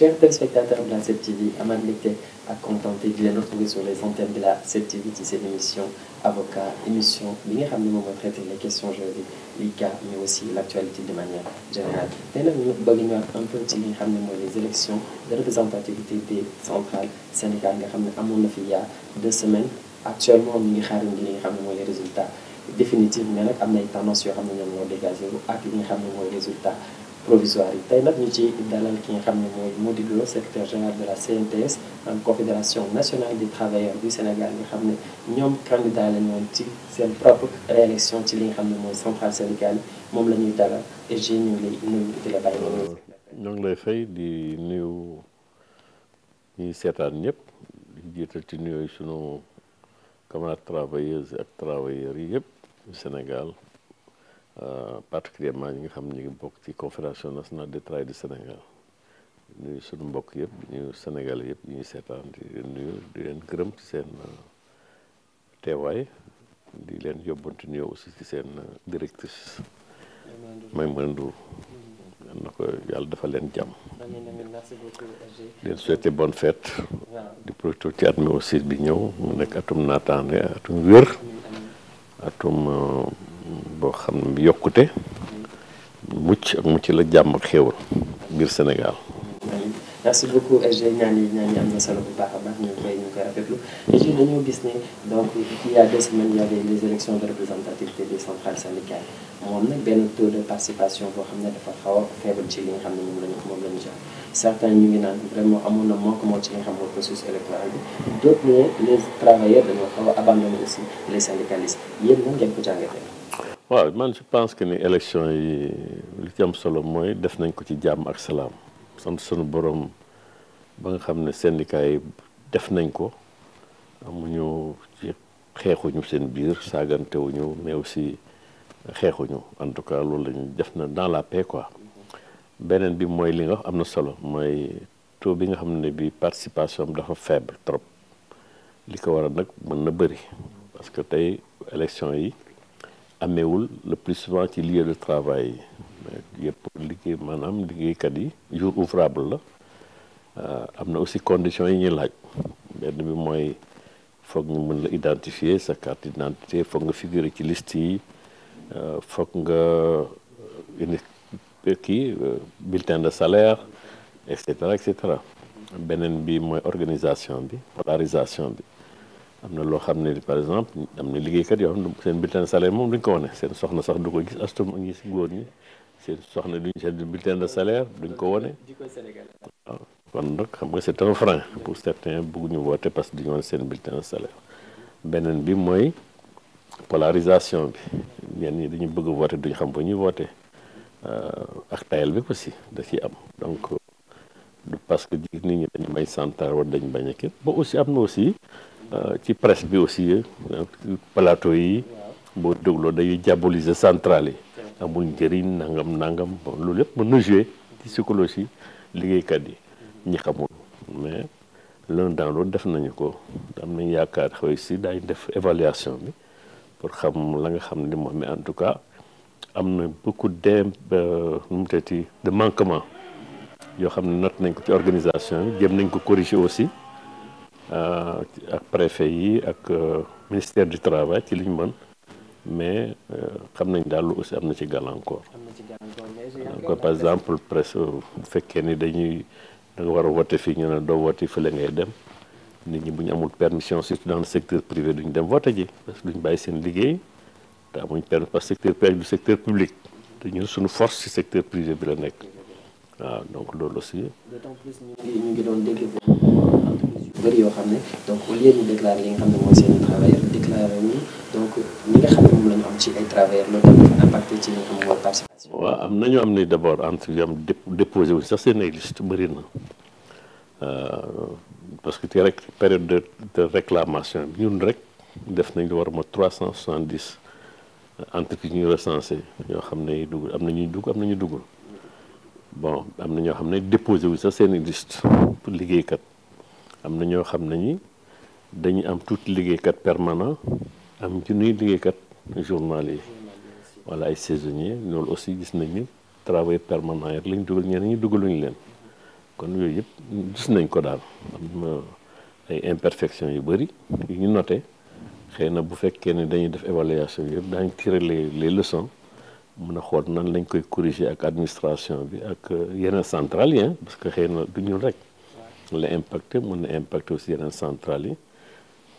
chers téléspectateurs de la 7TV amaat mbégte ak contenté di la 7TV émission avocat émission bi nga xam ne moom mooy traiter les questions juridiques les cas mais aussi l' actualité de manière générale tey nag ñu bëgg ñëwaat un peu ci li nga xam ne mooy les élections de représentativité des centrales syndicales nga xam ne amoon na fi il y deux semaines actuellement ngi xaarandi li nga xam ne mooy les résultats définitifs mais nag am na ay yoo xam ne ñoom ñoo dégagé ak li nga xam ne provisoire yi tey nag ci dalal ki nga xam ne mooy Mody Lo secrétaire général de la CNTS en confédération nationale des travailleurs du Sénégal nga xam ne ñoom candidat la ñoon ci seen propre réélection ci li xam ne mooy centrale syndicale moom la ñuy dalal et ñu ngi lay nuyu la bàyyi euh, ñoo ngi lay fay di nuyu ñuy seetaan ñëpp di jiital ci nuyooyu sunu camarades travailleuses ak travailleurs yi yëpp Sénégal Euh, particulièrement ñi nga xam ñu ngi bokk ci confédération nationale des travailleurs du Sénégal nuyu suñu mbokk yëpp ñu Sénégal yëpp ñu seetaan di leen nuyu di leen gërëm ci seen euh, teewaay di leen yóbbanti nuyoo aussi si seen euh, directrice may Ndour yal na ko yàlla dafa leen jàmm leen souhaité bonne fête di profité ci at aussi bi ñëw mu nekk atum naataange atum wér atum boo xam ne yokkute mucc ak mucc la jàmm ak xéewal biir Sénégal. merci beaucoup SG ñaan yi ñaan yi am solo bu baax a baax ñu ngi gis ne donc il y a de représentativité des centrales moom nag benn taux participation boo xam ne dafa xaw a faible ci li nga xam ne moom la ñu moom la ñu jox certains ñu ngi naan vraiment na manque moo ci li nga xam bi d'autres ne les travailleurs dañoo xaw a abandonné aussi les syndicalistes yéen nan ngeen ko jàngatee. waaw man je pense que ni élection yi li ci am solo mooy def nañ ko ci jàmm ak salaam son sunu borom ba nga xam ne syndicat def nañ ko amuñu ci xeexuñu seen biir saagantewuñu mais aussi xeexuñu en tout cas loolu lañu def na dans la paix quoi beneen bi mooy li nga am na solo mooy taux bi nga xam ne bi participation bi dafa faible trop li ko waral nag mën na bëri parce que tey élection yi ameewul le plus souvent ci lieu de travail yi yëpp liggéey maanaam liggéeykat yi jour ouvrable la euh, am na aussi conditions yi ñuy laaj benn bi mooy foog ñu mën la identifier sa carte d'identité foog nga figurer ci liste yi euh, foog nga indi euh, kii bulletin de salaire et cetera et beneen bi mooy organisation bi polarisation bi am na loo xam ne par exemple am na liggéeykat yoo xam ne seen bulletin de salaire moom duñ ko wane seen soxna sax du ko gis astum ak ñi si góor ñi seen soxna duñ seen bulletin de salaire duñ ko wane kon nag xam nga c'est un frein pour certains bëgguñu woote parce que duñu wane seen bulletin de salaire beneen bi mooy polarisation bi ñenn ñi dañu bëgg woote duñ xam ba ñuy woote euh, ak tayal bi si da ciy am donc du parce que nit ñi dañu may santar wala dañ bañ a kenn ba aussi am na aussi Euh, ci presse bi aussi euh, plateau yi boo dégloo dañuy diaboliser centrale yi amul njëriñ nangam nangam bon loolu lépp mën na jouer ci psychologie liggéeykat yi ñu xamul mais l'un dans l'autre def nañu ko am nañ yaakaar xëy si daañu def évaluation bi pour xam la nga xam ni moom mi en tout cas am na beaucoup de euh, nu mu tëddee de manquement yoo xam ne not nañ ko ci organisation bi jéem nañ ko corriger aussi Euh, ak préfet yi ak euh, ministère du travail ci ñu mën mais euh, xam nañ daal lu aussi am na ci gàllankoor. am na ci gàllankoor par exemple presse bu fekkee ni dañuy da nga war a vote fii ñu ne doo vote fële ngay dem nit ñi bu ñu amul permission surtout dans le secteur privé ñu dem vote ji parce que duñ bàyyi seen liggéey te amuñ permis parce que secteur privé du secteur public te ñun suñu force si secteur privé bi la nekk waaw donc loolu aussi. d'autant bëri yoo xam ne donc au lieu ñu déclarer li nga xam ne mooy seen i déclarer wuñu donc ñi nga xam ne moom la am ci ay travailleurs loolu dafa waaw am na am ni d' abord am déposé wu sax seen ay liste bëri na euh, parce que tey rek période de de réclamation bi ñun rek def nañ lu war ma cent soixante dix euh, entreprises ñu recensé yoo xam ne dugg am na ñuy dugg am na duggul bon am na ñoo xam ne déposé wu sax seen i liste liggéeykat. am na ñoo xam ne ñi dañu am tuuti liggéeykat permanent am junniy liggéeykat journalier wala ay saisonnier loolu aussi gis nañ ni travail permanent yi lañ dugal ñeneen ñi dugaluñu leen kon yooyu yëpp gis nañ ko daal am ay imperfection yu bëri yu ñu noté xëy na bu fekkee ne dañuy def évaluation yëpp daañu tirer les les leçons mën a xool nan lañ koy corriger ak administration bi ak yeneen central yi parce que xëy na du ñuul rek. la impacté mën na impacté aussi yeneen centrales yi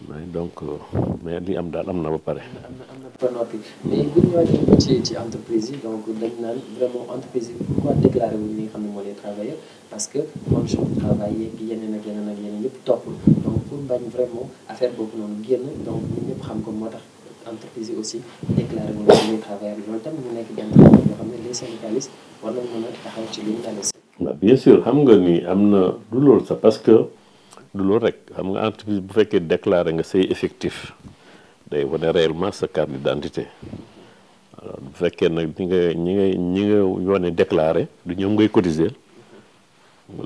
mais donc euh, mais li am daal am na ba pare. am na am na ba noppi mais bu ñu ñëwaatee ba ci ci entreprise yi donc dañ naan vraiment entreprise yi pourquoi déclaré wuñ li nga xam ne moo lay travailleur parce que condition de travail yeeg yeneen ak yeneen ak yeneen yëpp topp donc pour bañ vraiment affaire boobu noonu génn donc ñun ñëpp xam ko moo tax. entreprise yi aussi déclaré wu ñu travailleurs yi loolu tam mu nekk benn yoo xam ne les syndicalistes war nañ mën a taxaw ci li ñu bien sûr xam nga ni am na du loolu sax parce que du loolu rek xam nga entreprise bu fekkee déclaré nga say effectif day wane réellement sa carte d'identité alors bu fekkee nag ñi nga ñi nga ñi nga yoone déclaré du ñoom ngay cotiser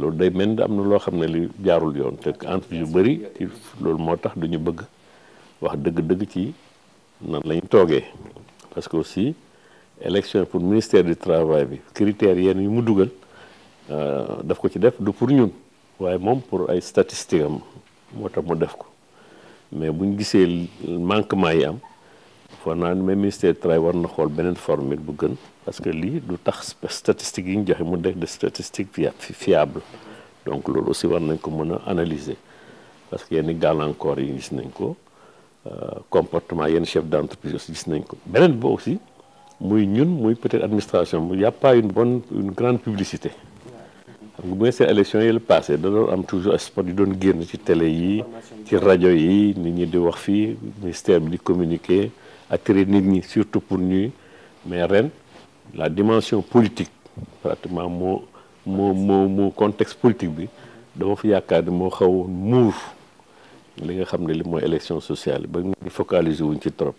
loolu day mel ni am na loo xam ne li jaarul yoon te entreprise yu bëri loolu moo tax du ñu bëgg wax dëgg-dëgg ci nan lañu toogee parce que aussi élection pour ministère du travail bi critères yenn yi mu dugal Euh, daf ko ci def du pour ñun waaye moom pour ay statistiques am moo tax mu def ko mais bu buñ gisee manquement yi am foog naa ne même ministère du war na xool beneen formule bu gën parce que lii du tax statistiques yi ñu joxe mu def de statistique fiable donc loolu aussi war nañ ko mën a analyser parce que yenn gàllankoor yi gis nañ ko euh, comportement yenn chef d' entreprise aussi gis nañ ko beneen bo aussi muy ñun muy peut-être administration mu y a pas une bonne une grande publicité xam nga bu seen élection yi la passé da doon am toujours spot yu doon génn ci télé yi ci rajo yi nit ñi di wax fii ministère bi di communiquer ak attirer nit ñi surtout pour ñuy mais ren la dimension politique pratiquement moo moo moo moo contexte politique bi dama fi yaakaar ne moo xaw muur li nga xam ne li mooy élection sociale ba ñu focaliser wuñ ci trop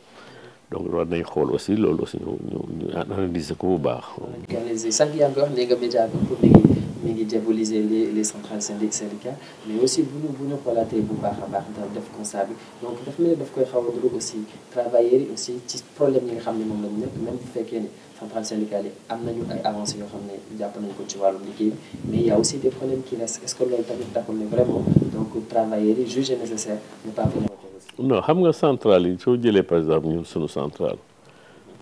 donc war nañ xool aussi loolu aussi ñu ñu analyser ko bu baax. mi ngi diaboliser les les centrales syndicales mais aussi bu ñu bu ñu xoolaatee bu baax a baax daal def constat bi donc daf mel ne daf koy xaw a aussi travailleurs yi aussi ci problème yi nga xam ne moom la ñu nekk même am nañu ay avancées xam ne jàpp nañu ko ci wàllum liggéey y a aussi des problèmes qui restent est ce que loolu tamit taxul ne vraiment donc travailleurs yi jugé nécessaire ne pas nga centrale yi soo jëlee par exemple ñun sunu centrale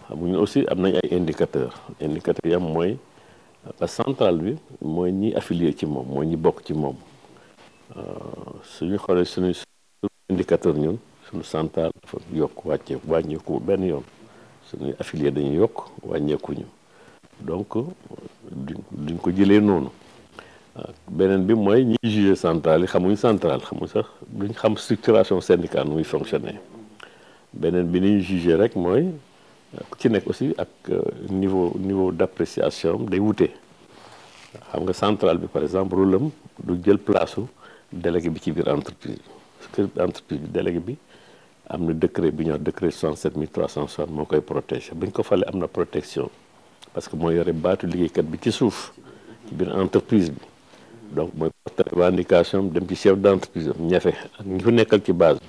xam nga ñun aussi am nañ ay indicateurs indicateurs yi am mooy. parce centrale bi mooy ñi affilié ci moom mooy ñi bokk ci moom euh, suñu xoolee suñu indicateur ñun suñu centrale dafa yokk wàcceeku wàññeeku benn yoon suñuy affilié dañuy yokk wàññeekuñu donc duñ ko jëlee noonu euh, beneen bi mooy ñi jugé centrale yi xamuñ centrale xamuñ sax duñ xam structuration syndicale nu muy fonctionner beneen bi ni ñu jugé rek mooy ku ci nekk aussi ak euh, niveau niveau d'appréciation day wute xam nga centrale bi par exemple rôle du jël place délégué bi ci biir entreprise parce que entreprise bi délégué bi am na décret bi ñu wax décret 67 360 moo koy protéger bi ñu ko falee am na protection parce que moo yore baatu liggéeykat bi ci suuf ci biir entreprise bi donc mooy porter revendication dem ci chef d'entreprise am ñafe ak ñi ko nekkal ci base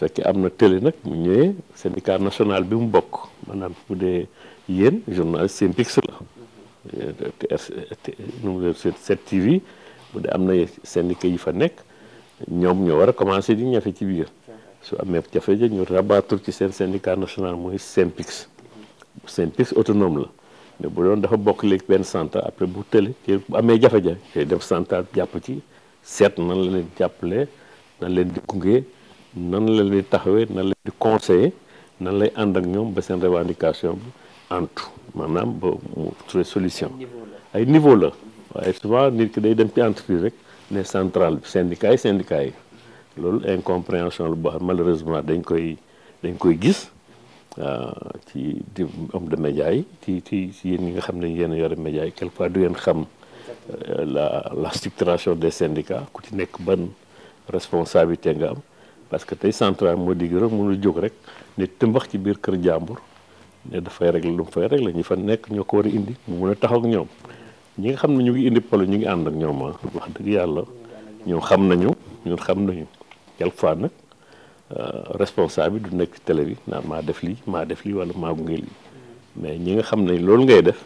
fekkee am na télé nag mu ñëwee syndicat national bi mu bokk maanaam bu dee yéen journaliste Synpics la numéro 7 TV bu dee am na syndicat yi fa nekk ñoom ñoo war a commencé di ñafe ci biir su amee jafe-jafe ñu rabattre ci seen syndicat national mooy Synpics Synpics autonome la mais bu doon dafa bokk léegi benn centre après bu tële te bu amee jafe-jafe koy def centre jàpp ci seet nan la leen jàppale nan leen di gunge nan la leen di taxawee nan la di nan lay ànd ak ñoom ba seen revendication bi antu maanaam ba mu trouver solution ay niveau la waaye souvent nit ki day dem ci entreprise rek ne centrale bi syndicat yi syndicat yi loolu incompréhension la boo xam malheureusement dañ koy dañ koy gis ah, ci di homme de médias yi ci ci ci yéen ñi nga xam ne yéen a yore média yi quelque part du ngeen xam euh, la la structuration des syndicats ku ci nekk ban responsabilité nga am parce que tey central moo digg rek mënul jóg rek ne tëmbax ci biir kër jàmbur ne dafay régler lu mu fay régler ñi fa nekk ñoo ko war a indi mu mun a taxaw ak ñoom ñi nga xam ne ñu ngi indi palo ñu ngi ànd ak ñoom ah wax dëgg yàlla ñoom xam nañu ñun xam nañu quelque fois nag euh, responsable bi du nekk ci bi naan maa def lii maa def lii wala maa gunge lii mais ñi nga xam ne loolu ngay def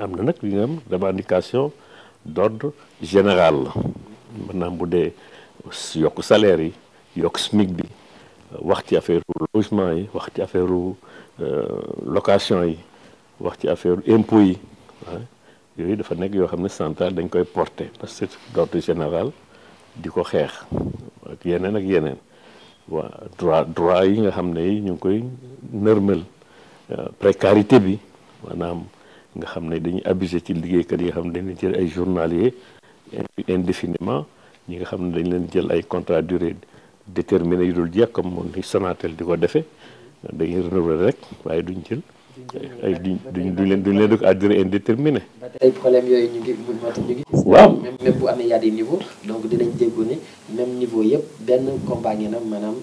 am na nag li nga xam revendication d' général la maanaam bu dee yokk salaire yi. yokk SMIC bi wax ci affaire logement yi wax ci affaire euh, location yi wax ci affaire impôt yi yooyu dafa nekk yoo xam ne central dañ koy porter parce que d'ordre général di ko xeex ak yeneen ak yeneen waa droit droit yi nga xam ne ñu ngi koy nërmal euh, précarité bi maanaam nga xam ne dañuy abusé ci liggéeykat yi nga xam ne dañuy jël ay journalier indéfiniment ñi nga xam ne dañ leen jël ay contrat durée déterminé yu dul jeex comme ni Sonatel di ko defee dañuy renouveler rek waaye duñ jël. ay duñ duñ duñ leen duñ leen dugg à ah, durée indéterminée. ba tey problème yooyu ñu ngi mën moo tax ñu ngi. waaw même même bu amee y a des niveaux donc dinañ déggu ne même niveau yëpp benn combat ngeen am maanaam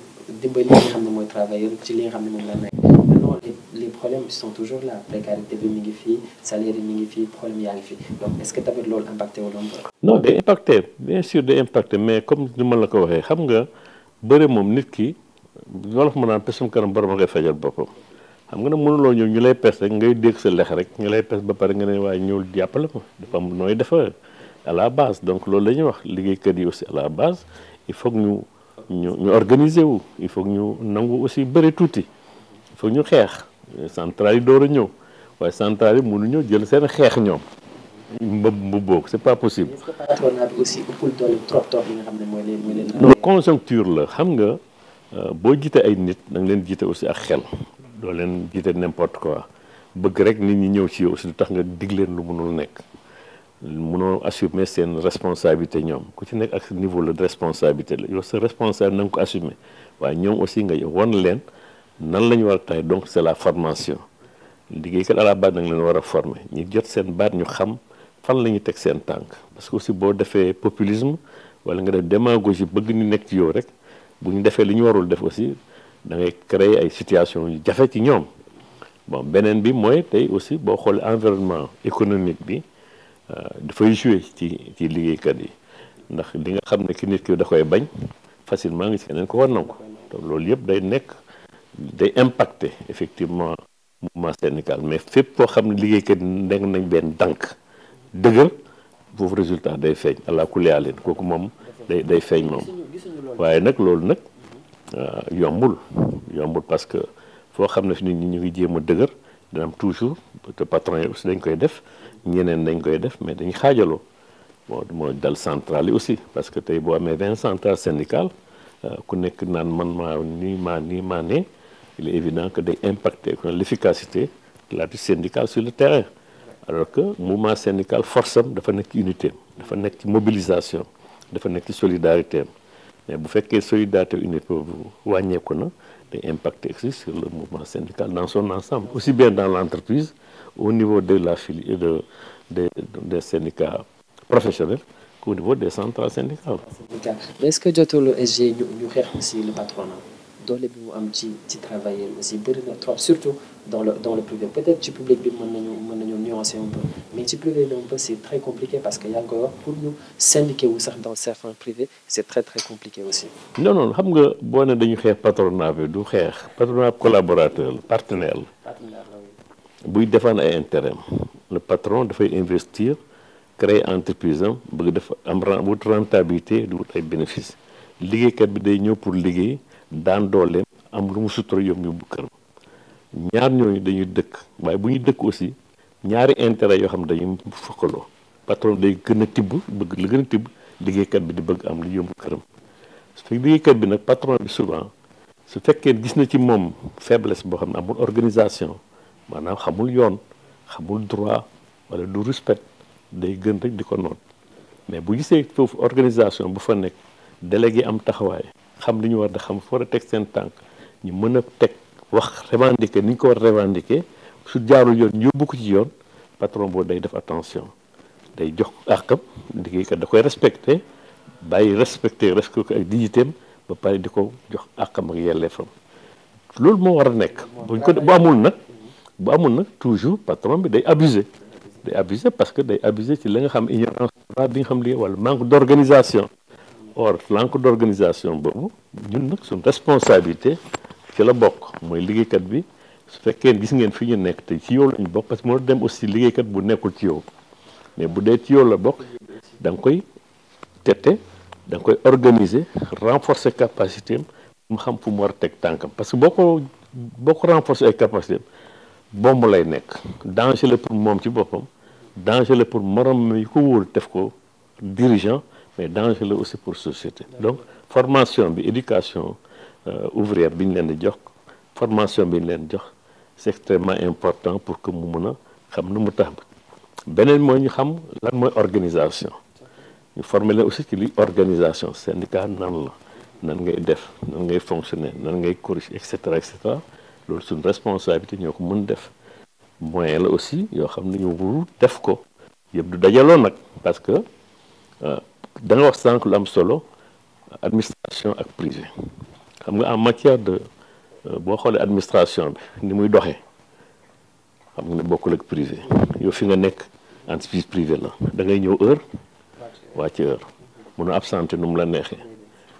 dimbali li nga xam ne mooy travailleur ci li nga xam ne moom la nekk. non les problèmes sont toujours là précarité bi mi ngi fii salaire yi mi ngi fii problème yaa ngi fii donc est-ce que tamit loolu impacté wu doon. non day impacté bien sûr day impacté mais comme ni ma la ko waxee xam nga. bëre moom nit ki wolof ma naan pesum kanam borom a koy fajal boppam xam nga ne mënuloo ñëw ñu lay pes rek ngay dégg sa lex rek ñu lay pes ba pare nga ne waaye ñëwul jàppale ko dafa am nooy defar à la base donc loolu la ñuy wax liggéeykat yi aussi à la base il faut ñu ñu ñu organiser wu il faut ñu nangu aussi bëri tuuti il faut ñu xeex centrale yi door a ñëw waaye centrale yi mënuñoo jël seen xeex ñoom mbëb mbubboo c'est pas possible. est-ce conjoncture la xam nga euh, boo jiitee ay nit da leen jiite aussi ak xel doo leen jiite n'importe quoi bëgg rek nit ñi ñëw ci yow aussi lu tax nga dig leen lu mënul nekk. mënoo assumer seen responsabilité ñoom ku ci nekk ak niveau la de responsabilité la yow sa responsable na ko assumer waaye ñoom aussi nga won leen nan la ñu war a tax donc c'est la formation liggéeykat à la base da nga leen war a former ñu jot seen baat ñu xam. fan la ñuy teg seen tànk parce que aussi boo defee populisme wala nga def démagogie bëgg ni nekk ci yow rek bu ñu defee li ñu warul def aussi da ngay créer ay situation yu jafe ci ñoom bon beneen bi mooy tey aussi boo xoolee environnement économique bi euh, dafay jouer ci ci liggéeykat yi ndax li nga xam ne ki nit ki da koy bañ facilement ngi ci keneen ko war na loolu yëpp day nekk day impacter effectivement mouvement syndical mais fépp koo xam ne liggéeykat yi nekk nañ benn dànk dëgër foofu résultat day feeñ allah kulli leen kooku moom day day feeñ moom waaye nag loolu nag euh, yombul yombul parce que foo xam ne fi nit ñu ngi jéem a dëgër dina am toujours te patron yi aussi dañ koy def ñeneen dañ koy def mais dañ xaajaloo bon moo dal central yi aussi parce que tey boo amee vingt central syndical euh, ku nekk naan man maa nii maa nii maa ne il est évident que day impacter l'efficacité de la syndicale sur le terrain alors que mouvement syndical force am dafa nekk ci unité dafa nekk ci mobilisation dafa nekk ci solidarité bu fekkee solidarité unité boobu wàññeeku na de impacter aussi sur le mouvement syndical dans son ensemble aussi bien dans l'entreprise au niveau de la filière de des des syndicats professionnels qu'au niveau des centrales syndicales. mais est-ce que jotul SG ñu ñu xeex aussi le patronat doole bi mu am ci ci aussi bëri na surtout dans le dans le privé peut avancer un peu mais parce que yaa ngi koy wax pour ñu syndiquer wu sax dans certains privés c'est très très compliqué aussi. non xam nga boo ne dañu xeex patronat bi du xeex patronat collaborateur la partenaire la. partenaire la oui. buy défendre ay intérêt le patron dafay investir créer entreprise am bëgg def am wut rentabilité du wut ay bénéfices liggéeykat bi day ñëw pour liggéey daan dooleem am lu mu sutura yom yóbbu kër ñaar ñooñu dañuy dëkk waaye bu ñuy dëkk aussi. ñaari intérêt yoo xam ne dañuy fokkaloo patron day gën a tibb bëgg la gën a tibb liggéeykat bi di bëgg am lu yomb këram su liggéeykat bi nag patron bi souvent su fekkee gis na ci moom faiblesse boo xam ne amul organisation maanaam xamul yoon xamul droit wala du respect day gën rek di ko noot mais bu gisee foofu organisation bu fa nekk délégué am taxawaay xam li ñu war da xam fu war a teg seen tànk ñu mën a teg wax revendiquer ni ñu ko war a revendiquer su jaarul yoon yóbbu ko ci yoon patron boobu day def attention day jox àqam liggéeykat da koy respecté bàyyi respecté respecté ko ba pare di ko jox àqam ak loolu moo war a nekk. buñ ko bu amul nag bu amul nag toujours patron bi day abusé. day abusé parce que day abusé ci la nga xam ignorance bi nga xam li wala manque d' organisation d' organisation boobu ñun nag ci la bokk mooy liggéeykat bi. su fekkee gis ngeen fi ñu nekk te ci yow lañu bokk parce que moo dem aussi liggéeykat bu nekkul ci yow mais bu dee ci yow la bokk da nga koy tete da nga koy organiser renforcer capacité mu xam fu mu war a teg tànkam parce que boo ko boo ko renforcer ay capacité am bomb lay nekk danger pour moom ci boppam danger la pour morom yi ko wóolu def ko dirigeant mais danger la aussi pour société donc formation bi éducation euh, ouvrière bi ñu leen di jox formation bi leen jox c'est extrêmement important pour que mu mën a xam nu mu tax beneen mooy ñu xam lan mooy organisation ñu former leen aussi ci li organisation syndicat nan la nan ngay def nan ngay fonctionner nan ngay corriger et cetera et loolu suñu responsabilité ñoo ko mën def moyen la aussi yoo xam ne ñu wuru def ko yëpp du dajaloo nag parce que euh, da wax sànq lu am solo administration ak privé xam nga en matière de boo xoolee administration bi ni muy doxee xam nga ne bokkul ak privé yow fi nga nekk entreprise privée la da ngay ñëw heure ci heure munoo absenté nu mu la neexee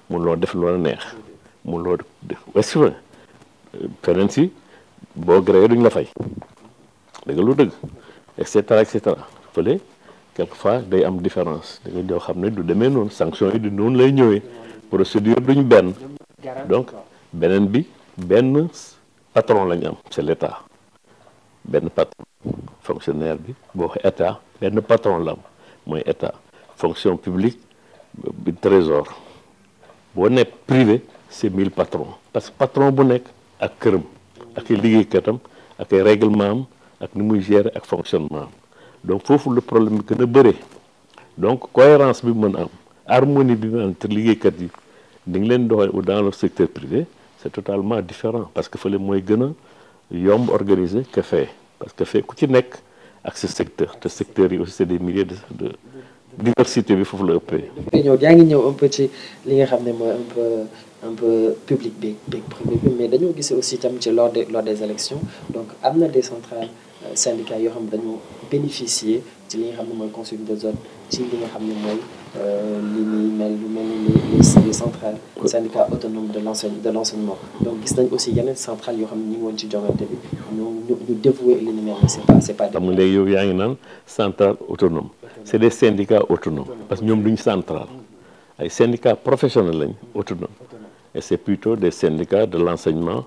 munoo def loola neex munoo def est-ce si boo gréé duñ la fay dëgg lu dëgg et cetera et cetera fële quelquefois day am différence da nga xam ne lu demee noonu sanction yi du noonu lay ñëwee procédure duñu benn donc beneen bi. benn patron la ñu am c'est l'état benn patron fonctionnaire bi boo waxee état benn patron la am mooy état fonction publique bi trésor boo nekk privé c'est mille patrons parce que patron bu nekk ak këram ak i liggéeykatam ak ay règlement am ak ni muy gérer ak fonctionnement am donc foofu la problème bi gën a bëree donc cohérence bi mën am harmonie bi mu am entre liggéeykat yi ni ngi leen doxal dans le secteur privé c'est totalement différent parce que fële mooy gën a yomb organiser que parce que fee ku ci nekk ak si secteur te secteur yi aussi c'est milliers de de diversité bi foofu la ëpp ëppee. ñëw yaa ngi ñëw un peu ci li nga xam ne mooy un peu un peu public bi beeg privé bi mais dañoo gisee aussi tam ci lors des lors des élections donc am na de centrales. Euh, syndicat yoo xam ne dañoo bénéficier ci li nga xam ne mooy consigne de zone ci li nga xam ne mooy euh, lu mel ni les les centrales syndicat autonome de l'enseigne de l'enseignement donc gis nañ aussi yeneen centrales yoo xam ne ñu woon ci jongante bi ñu ñu ñu dévoué li ñu mel ni c'est pas c'est pas xam ngi naan centrale autonome c'est des syndicats autonomes parce que ñoom duñu centrale ay syndicats professionnels lañ mmh. autonome et c'est plutôt des syndicats de l'enseignement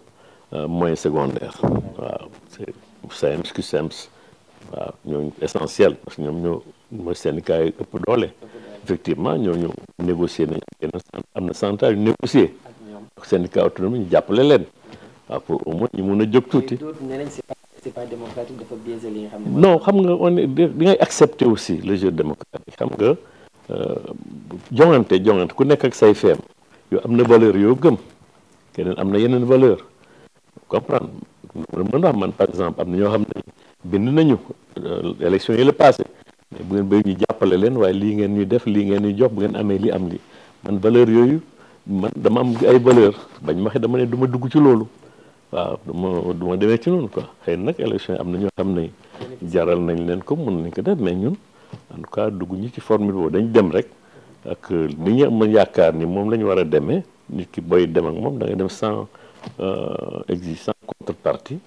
euh, moyen secondaire waaw SAEMS CUSEMS waaw ñoo essentiel parce que ñoom ñoo mooy syndicat yi ëpp doole effectivement ñoo négocier nañ yenn am na centrale yu négocier ak syndicat autonome ñu jàppale leen waaw pour au moins ñu mun a jóg tuuti c'est pas démocratique dafa biaisé xam ne non xam nga on est di ngay accepter aussi le jeu démocratique xam nga euh, jongante jongante ku nekk ak say feem yow am na valeur yoo gëm keneen am na yeneen valeur comprendre loolu mën naa man par exemple am na ñoo xam ne bind nañu euh, élection yi la passé mais bu ngeen béy ñu jàppale leen waaye lii ngeen ñuy def lii ngeen ñuy jox bu ngeen amee lii am lii man valeur yooyu man dama am ay valeur bañ ma waxee dama ne du ma dugg ci loolu waaw du ma du ma demee ci noonu ko xëy nag élection yi am na ñoo xam ne jaral nañ leen ko mën nañ ko def mais ñun en tout cas dugg ñu ci formule boobu dañ dem rek ak li ñu am yaakaar ni moom la ñu war a demee nit ki booy dem ak moom da ngay dem euh, contrepartie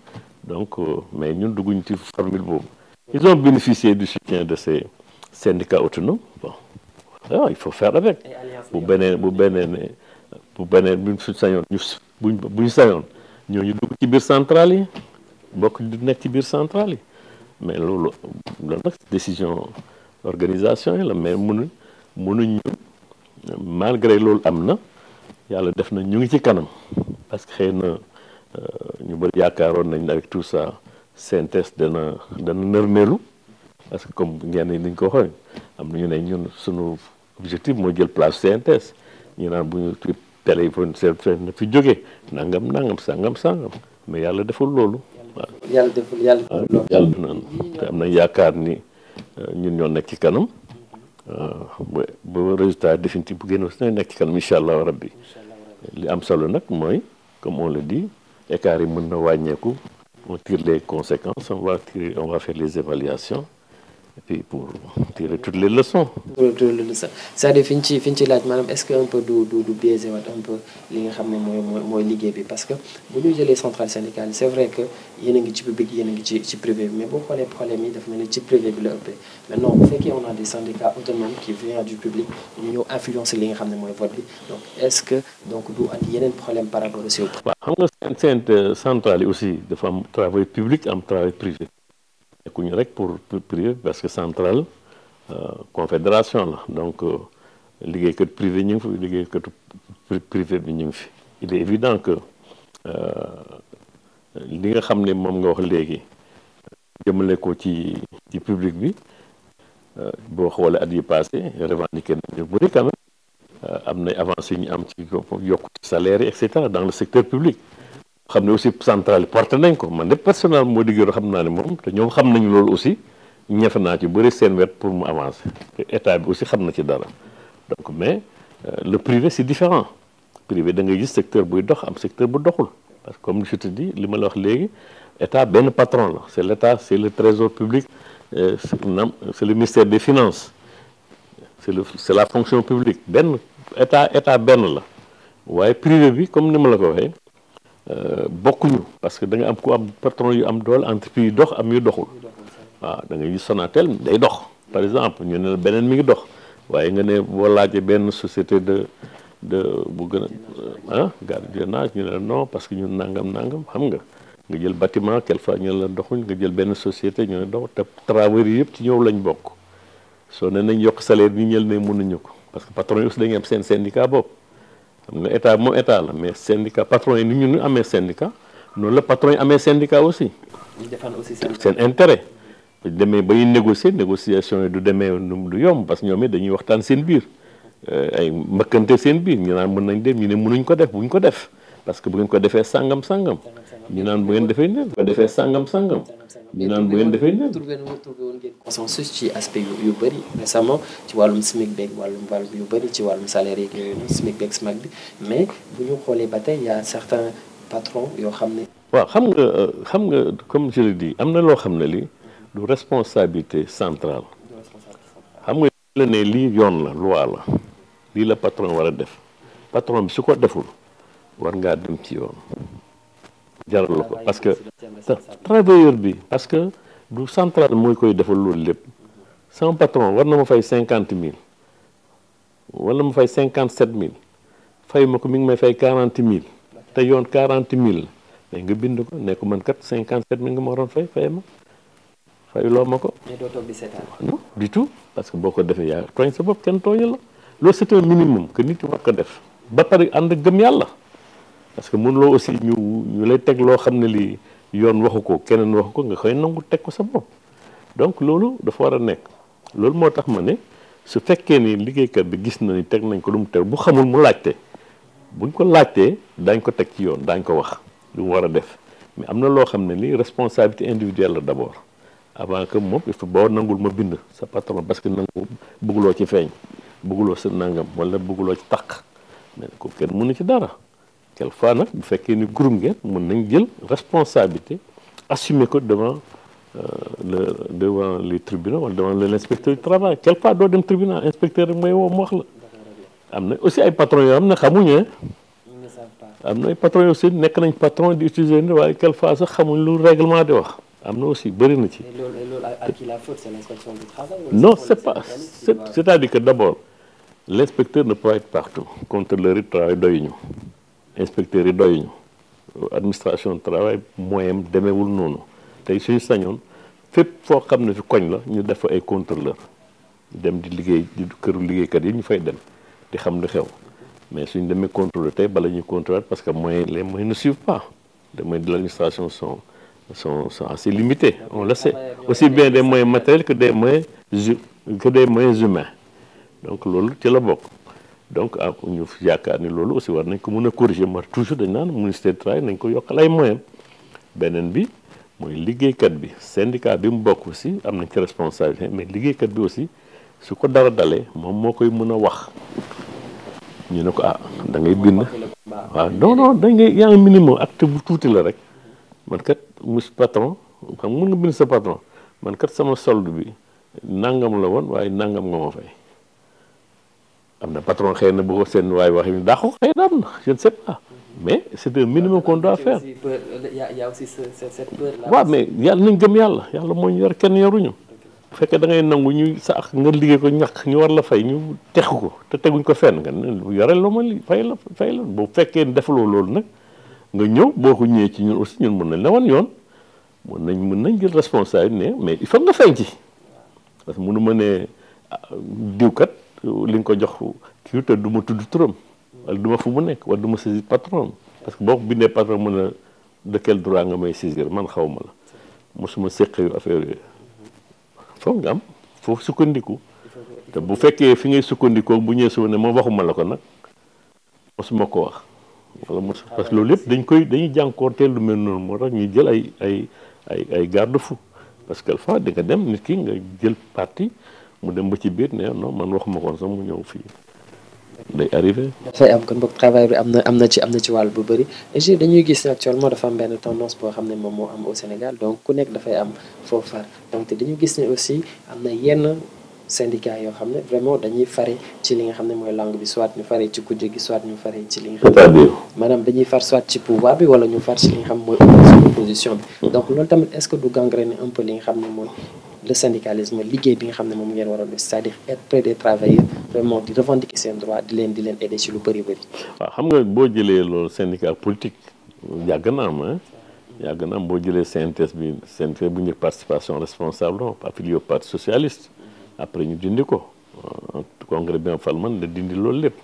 donc euh, mais ñun dugguñu ci formule boobu ils ont bénéficié du soutien de ces syndicats autonomes bon ah il faut faire avec bu beneen bu beneen bu beneen buñ su sañoon ñu buñ buñ sañoon dugg ci biir centrale yi bokk di nekk ci biir central yi mais loolu loolu nag décision organisation yi la mais mënuñ mënuñ ñu malgré loolu am na yàlla def na ñu ngi ci kanam parce xëy na Euh, ñu bëri yaakaaroon nañ avec tout ça synthèse dana dana nërmeelu parce que comme ñenn ñi niñ ko waxee am na ñu ne ñun suñu objectif mooy jël place synthèse ñu naan bu ñu ci téléphone seen na fi jóge nangam nangam sangam sangam mais yàlla deful loolu. yàlla deful yàlla deful loolu ah, am nañ yaakaar ni euh, ñun ñoo nekk ci kanam mm-hmm. euh, ba ba résultat définitif bu génn si ñooy nekk ci kanam incha allah li am solo nag mooy comme on le dit. écart yi mën na wàññeeku on tire les conséquences on va tirer on va les évaluations et pour tirer toutes les leçons. pour tirer fi ñu ci fi ci laaj maanaam est-ce que un peu du du waat un peu li nga xam ne mooy mooy mooy liggéey bi parce que bu ñu jëlee centrale syndicale c'est vrai que yéen a ngi ci public yéen ngi ci ci bi mais boo xoolee problème yi dafa mel ni ci privé bi la ëppee maintenant bu fekkee on a des syndicats autonomes qui viennent du public ñu ñëw li nga xam ne mooy vote bi donc est-ce que donc du andi yeneen problème par rapport euh, am travail public am ñu rek pour privé parce que centrale euh, confédération la donc euh, liggéeykat privé ñu ngi fi liggéeykat privé bi ñu ngi fi il est évident que euh, li nga xam ne moom nga wax léegi jëmale ko ci ci public bi boo xoolee at yi passé revendiqué nañu bëri quand même am nay avancé ñu am ci yokku salaire yi et cetera dans le secteur public xam ne aussi centrale yi porté nañ ko man de personnel moo diggéero xam naa ne moom te ñoo xam nañu loolu aussi ñefe naa ci bëri seen wet pour mu avancer te état bi aussi xam na ci dara donc mais euh, le privé si différent privé da ngay gis secteur buy dox am secteur bu doxul parce que comme je te li ma la wax léegi état benn patron la c'est l'état c'est le trésor public euh, naam c'est le ministère des finances c'est le c'est la fonction publique benn état état benn la waaye privé bi comme ni ma la ko waxee Euh, bokkuñu parce que da am ku am patron yu am doole entreprise yu dox am yu doxul waaw da nga gis Sonatel day dox par exemple ñu ne la beneen mi ngi dox waaye nga ne boo laajee benn société de de bu gën a euh, ah gardiennage ñu ne la non que ñun nangam xam nga nga jël bâtiment quelquefois ñu ne la doxuñ nga jël benn société ñu ne dox te travailleurs yëpp ci ñëw lañ bokk soo ne nañ yokk salaire bi ñël ne mënuñu ko parce que patron yi aussi da nga am seen syndicat bopp xam na état moom état la mais syndicat patron yi ni ñu nu amee syndicat noonu la patron yi amee syndicat aussi. ñu defaan seen intérêt. demee ba ñuy négocier négociation yi du demee du yom parce que ñoom dañuy waxtaan seen biir euh, ay mbëkkante seen biir ñu naan mën nañ dem ñu ne mënuñ ko def buñ ko def. parce que bu ngeen ko defee sangam sangam ñu naan bu ngeen defee bu ko defee sangam sangam ñu naan bu ngeen defee ne. tur ngeen consensus ci aspect yu bëri récemment ci wàllum SMIC beeg wàllum yu bëri ci wàllum salaire yeeg yooyu noonu SMIC mais bu xoolee ba tey y' a yoo xam ne. waaw xam nga euh, xam nga comme je am na loo xam ne lii du responsabilité centrale xam nga yoon la loi la lii la patron war a def patron bi su ko deful. war ngaa dem ci yoon jaral la ko parce que travailleur bi parce que du central mooy koy defal loolu lépp sama patron war na ma fay cinquante mille wala ma fay cinquante sept mille fay ma ko mi ngi may fay quarante mille te yoon quarante mille la mais nga bind ko ne ko man kat cinquante sept mille nga ma waroon fay fay ma fayloo ma ko. mais doo toog di seetaan. du tout parce que boo ko defee yaa tooñ sa bopp kenn tooñu la loolu c'est un minimum que nit yi war ko def ba pare ànd gëm yàlla. parce que mënuloo aussi ñu ñu lay teg loo xam ne lii yoon waxu ko keneen waxu ko nga koy nangu teg ko sa bopp donc loolu dafa war a nekk loolu moo tax ma ne su fekkee ni liggéeykat bi gis na ni teg nañ ko lu mu teg bu xamul mu laajte buñ ko laajtee daañ ko teg ci yoon daañ ko wax lu war a def mais am na loo xam ne lii responsabilité individuelle la d'abord avant que moom il faut boo nangul ma bind sa patron parce que nangu bëgguloo ci feeñ bugguloo sa nangam wala bëgguloo ci takk mais ko kenn mënu ci dara fois nag bu fekkee ni groupe ngeen mën nañ jël responsabilité assumer ko devant euh, le devant les tribunaux wala devant l' inspecteur du travail quelquefois doo dem tribunal inspecteur rek mooy woo mu wax la. am na aussi ay patron yoo xam ne xamuñu am na ay patron yoo aussi nekk nañ patron di utiliser ni waaye quelquefois sax xamuñ lu règlement di wax am na aussi bëri na ci. non c' est pas c' est à dire que d' abord l' inspecteur ne peut être partout contrôleur du inspecteurs yi ñu administration travail moyen demewul noonu tey suñu sañoon fépp foo xam ne fi koñ la ñu def ay contrôleur dem di liggéey di këru liggéeykat yi ñu fay dem di xam lu xew mais suñ demee contrôler tey bala ñuy contrôler parce que moyen les moyens ne suivent pas les moyens de l'administration sont sont sont assez limités on le sait aussi bien des moyens matériels que des moyens que des moyens humains donc loolu ci la bokk donc ah ñu yaakaar ni loolu aussi war nañ ko mën a corriger ma toujours dañ naan ministère du travail nañ ko yokkal lay moyens beneen bi mooy liggéeykat bi syndicat bi mu bokk aussi am nañ ci responsabilité mais liggéeykat bi aussi su ko dara dalee moom moo koy mën a wax ñu ne ko ah da ngay bind waaw non non da ngay yaa ngi minimum acte bu tuuti la rek man kat si patron xam mën nga bind sa patron mankat sama solde bi nangam la woon waaye nangam nga ma am na patron xëy na bu ko seen waaye waxi ñu dàq ko xëy na am na je ne pas mais c' est un minimum qu'on doit faire euh, y a aussi mais yàlla nañ gëm yàlla yàlla moo ñu yor kenn yoruñu bu fekkee da ngay nangu ñu sa nga liggéey ko ñàkk ñu war la fay ñu tex ko te teguñ ko fenn nga yore la ma fay la fay la bu fekkee defaloo loolu nag nga ñëw boo ko ñëwee ci ñun aussi ñun mën nañ la yoon mën nañ mën nañ jël responsabilité mais il faut nga feeñ ci parce que mënu ma ne ah, diwkat li nga ko jox kii te du ma tudd turam wala du ma fu bu nekk wala du ma saisir patron parce que boo bindee patron mën a de quel droit nga may saisir man xaw ma la mosuma séq yu affaire yooyu foog nga am foofu sukkandiku te bu fekkee fi ngay sukkandikoo bu ñëwee suba ne ma waxuma la ko nag mosuma ko wax wala mos parce que loolu yëpp dañ koy dañuy jànkoorteel lu mel noonu moo tax ñuy jël ay ay ay ay garde fu parce que parfois di nga dem nit ki nga jël parti mu dem ba ci biir ne non man waxuma koon sax mu ñëw fii day arrivé. dafay am kon boog travail bi am na am na ci am na ci wàll bu bëri et dañuy gis actuellement dafa am benn tendance boo xam ne moom moo am au Sénégal donc ku nekk dafay am foofu far donc te dañu gis ne aussi am na yenn syndicats yoo xam ne vraiment dañuy fare ci li nga xam ne mooy langue bi soit ñu fare ci kujje gi soit ñu fare ci li nga xam ne. cest à maanaam dañuy far soit ci bi wala ñu far li nga xam mooy opposition bi. Hmm. donc loolu tamit est-ce que du gangréner un peu nga xam ne mooy le syndicalisme liggéey bi nga xam ne moom ngeen waroon def c'est-à-dire être près des travailleurs vraiment di seen droit di leen di leen aider ci lu bëri bëri. waa xam nga boo jëlee loolu syndicat politique yàgg na am ah. yàgg na am boo jëlee CNTS bi CNTS bu njëkk participation responsable non affilié au parti socialiste. après ñu dindi ko congrès bi nga fal man da dindi loolu lépp.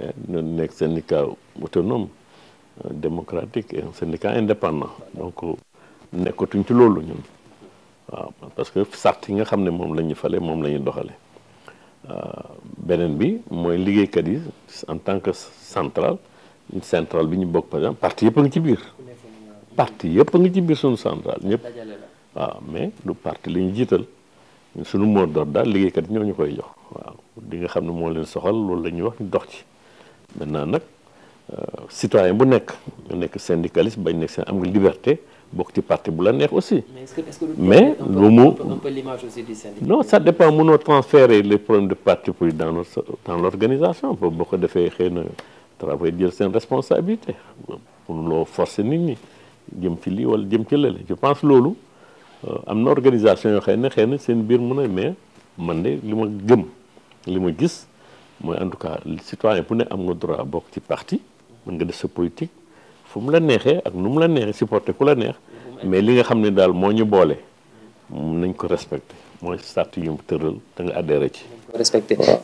Eh, ñu nekk syndicat autonome euh, démocratique et syndicat indépendant ko nekkatuñ ci loolu ñun. waaw parce que sart yi nga xam ne moom la ñu fale moom la ñuy doxale euh, beneen bi mooy liggéeykat yi en tant que centrale centrale bi ñu bokk par parti yëpp a ngi ci biir parti yëpp a nga ci biir suñu central ñëpp waaw mais lu parti li ñu jiital suñu moo door daal liggéeykat yi ñoo ñu koy jox waaw li nga xam ne moo leen soxal loolu la ñuy wax ñu dox ci maintenant nag euh, citoyen bu nekk nga nekk syndicaliste bañ nekk seen am nga liberté bokk ci parti bu la neex aussi. mais lu mu non ça dépend mënoo transférer les problèmes de parti politique dans notre dans l' organisation boobu boo ko defee xëy na travail jël seen responsabilité mënuloo forcer nit ñi jëm ci lii wala jëm ci lële je pense loolu euh, am na organisation yoo xëy na xëy na seen biir mun a mais man de li ma gëm li mu gis mooy en tout cas citoyen bu ne am nga droit bokk ci parti mën nga def sa politique. fu mu la neexee ak nu mu la neexee supporter ku la neex mais li nga xam ne daal moo ñu boole nañ ko respecté mooy sart yu mu tëral te nga adhéré ci.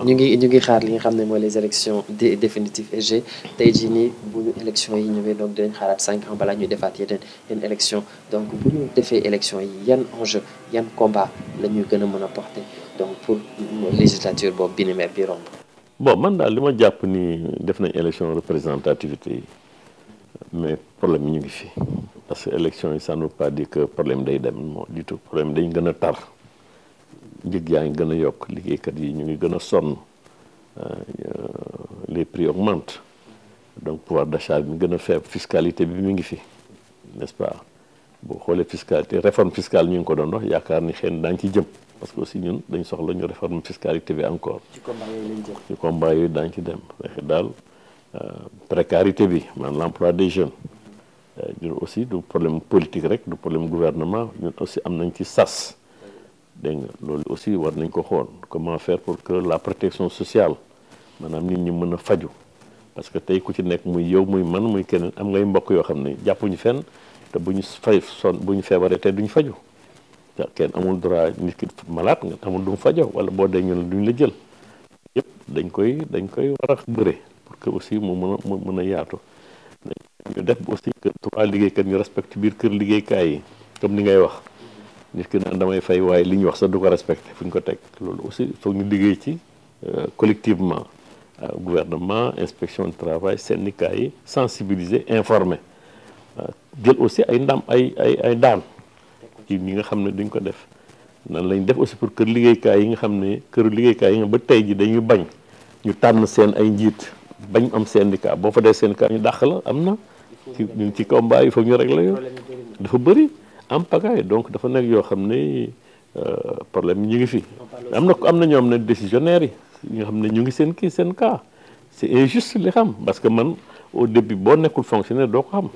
ñu ngi ñu xaar li nga xam ne mooy les élections dé définitives EG tey jii nii bu ñu élections yi ñëwee donc dinañ xaaraat cinq balaa ñuy defaat yeneen yeneen élection donc bu ñu defee élections yi yan enjeu yan combat la ñuy gën a mën a porter donc pour législature boobu bi ni meer bi romb. bon man daal li ma jàpp ni def nañ élection représentativité yi. mais problème yi ñu ngi fi parce que élection yi ça ne veut pas que problème day dem moo du tout problème dañ gën a tar njëg yaa ngi gën a yokk liggéeykat yi ñu ngi gën a sonn euh, les prix augmentent donc pouvoir d'achat bi gën a faible fiscalité bi mu ngi fi n'est-ce pas boo xoolee fiscalité réforme fiscale ñu ngi ko doon wax yaakaar ni xëy na daañu ci jëm parce que aussi ñun dañ soxla ñu réforme fiscalité bi encore. ci combat yooyu lañ ci combat yooyu daañu dem daal. Euh, précarité bi maanaam l'emploi des jeunes euh, aussi du problème politique rek du problème gouvernement ñun aussi am nañ ci sas dégg nga loolu aussi war nañ ko xool comment faire pour que la protection sociale maanaam nit ñi mën a faju parce que tey ku ci nekk muy yow muy man muy keneen am ngay mbokk yoo xam ne jàppuñu fenn te bu ñu fay son bu ñu feebaree te duñ faju kenn amul droit nit ki malade nga amul du mu fajoo wala boo dee ñu duñ la jël yëpp dañ koy dañ koy bëre pour que aussi mu mën a mën a yaatu ñu def aussi que trois liggéeykat ñu respecte biir kër liggéeykaay yi ni ngay wax nit ki naan fay waaye li ñu wax sax du ko respecté fu ñu ko teg loolu foog ñu liggéey ci euh, collectivement euh, gouvernement inspection du travail syndicat yi sensibiliser informer euh, jël aussi ay ndam ay ay ay daan ci ñi nga xam ne duñ ko def nan lañ def aussi pour kër liggéeykaay yi nga xam ne kër liggéeykaay yi nga ba tey ji dañuy bañ ñu tànn seen ay njiit bañ am syndicat boo fa dee syndicat ñu dàq la am na ci ñun ci combat yi foog ñu régler yo dafa bëri am donc dafa nekk yoo xam ne euh, problème yi ñu ngi fi am na am na ñoom ne décisionnaire yi ñi xam ne ñu ngi seen kii seen cas c'est injuste li xam parce que man au début boo nekkul fonctionnaire doo ko xam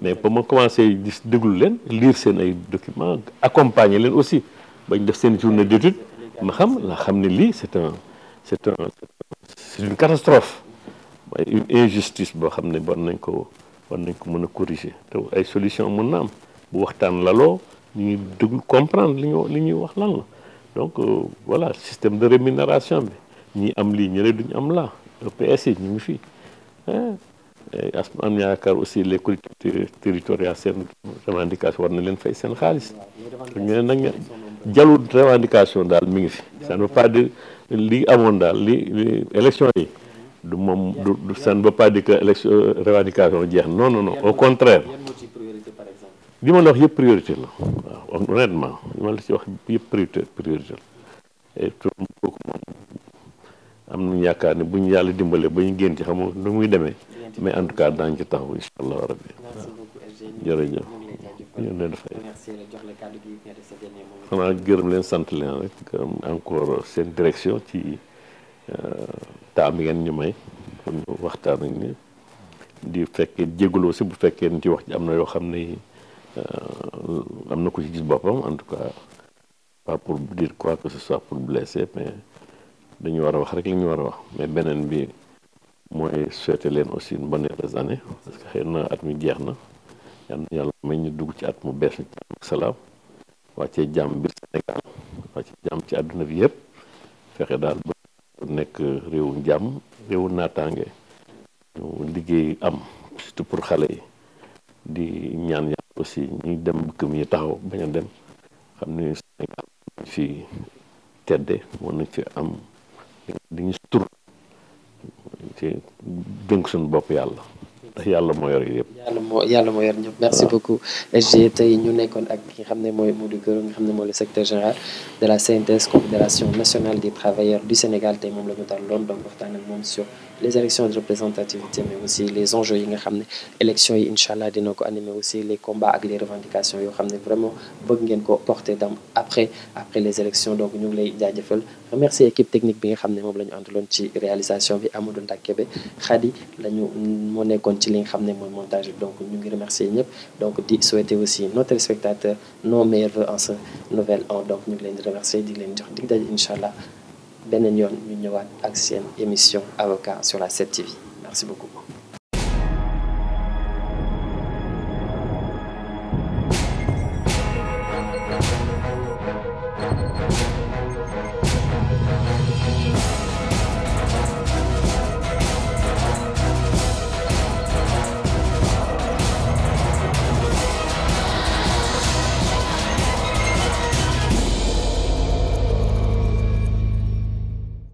mais ba ma commencé gis déglu leen lire seen ay documents accompagner leen aussi bañ def seen journée d'étude ma xam la xam ne lii c'est un c'est un c'est waaye une injustice boo xam ne war nañ ko war nañ ko mën a corriger te ay solution mën na am bu waxtaan laloo ñu ngi déglu comprendre li ñu li ñuy wax lan la donc euh, voilà système de rémunération bi ñi am lii ñële duñu am laa EPS yi ñu ngi fii as am yaakaar aussi les collectivités territoriales seen revendication war na leen fay seen xaalis ñeneen nag ñe revendication daal mi ngi fi ça ne veut pas dire li amoon daal li élection yi du moom du ça ne veut pas dire que élection euh, revendication jeex non non non au contraire li ma la wax yëpp priorité la waaw honnêtement li ma la ci wax yëpp priorité priorité la am nañu yaakaar ne bu ñu yàlla dimbalee ba ñu génn ci xam nu muy demee mais en tout cas daañu ci taxaw incha allah rabbi jërëjëf ñun leen fay xanaa gërëm leen sant leen rek encore seen direction ci Euh, taam ngeen ñu may waxtaan ak ni di fekkee jégaloo si bu fekkee ni ci wax ji am na yoo xam ne euh, am na ko ci gis boppam en tout cas pas pour dire quoi que ce soit pour blesser mais dañu war a wax rek li ñu war a wax mais beneen bi mooy souhaiter leen aussi une bonne heureuse année parce que xëy na at mi jeex na yal na yàlla may ñu dugg ci at mu bees mi jàmm ak salaam wàccee jàmm biir Sénégal wàccee jàmm ci àdduna bi yëpp fexe daal ba nekk réewu jàmm réewu naataange ñu liggéey am surtout pour xale yi di ñaan yàlla aussi ñuy dem bëkkam yi taxaw bañ a dem xam ni Sénégal fi tedde mën nañ fi am di ñu sutur ci dënk suñu bopp yàlla yàlla moo yor yëpp. yàlla moo yàlla moo yor ñëpp. merci beaucoup SG tey ñu nekkoon ak ki xam ne mooy Modou Guiro nga xam ne mooy le secrétaire général de la CNTS Confédération nationale des travailleurs du Sénégal tey moom la ñu daan loon donc waxtaan ak moom sur. les élections de représentativité mais aussi les enjeux yi nga xam ne élections yi incha allah dina ko animer aussi les combats ak les revendications yoo xam ne vraiment bëgg ngeen ko porter dans après après les élections donc ñu ngi lay jaajëfal remercier équipe technique bi nga xam ne moom la ñu àndaloon ci réalisation bi Amadou Ndakebe Khady la ñu moo nekkoon ci li nga xam ne mooy montage donc ñu ngi remercier ñëpp donc di souhaiter aussi nos téléspectateurs ñu ngi leen leen jox dig daje incha beneen yoon ñu ñëwaat ak seen émission avocat sur la 7TV merci beaucoup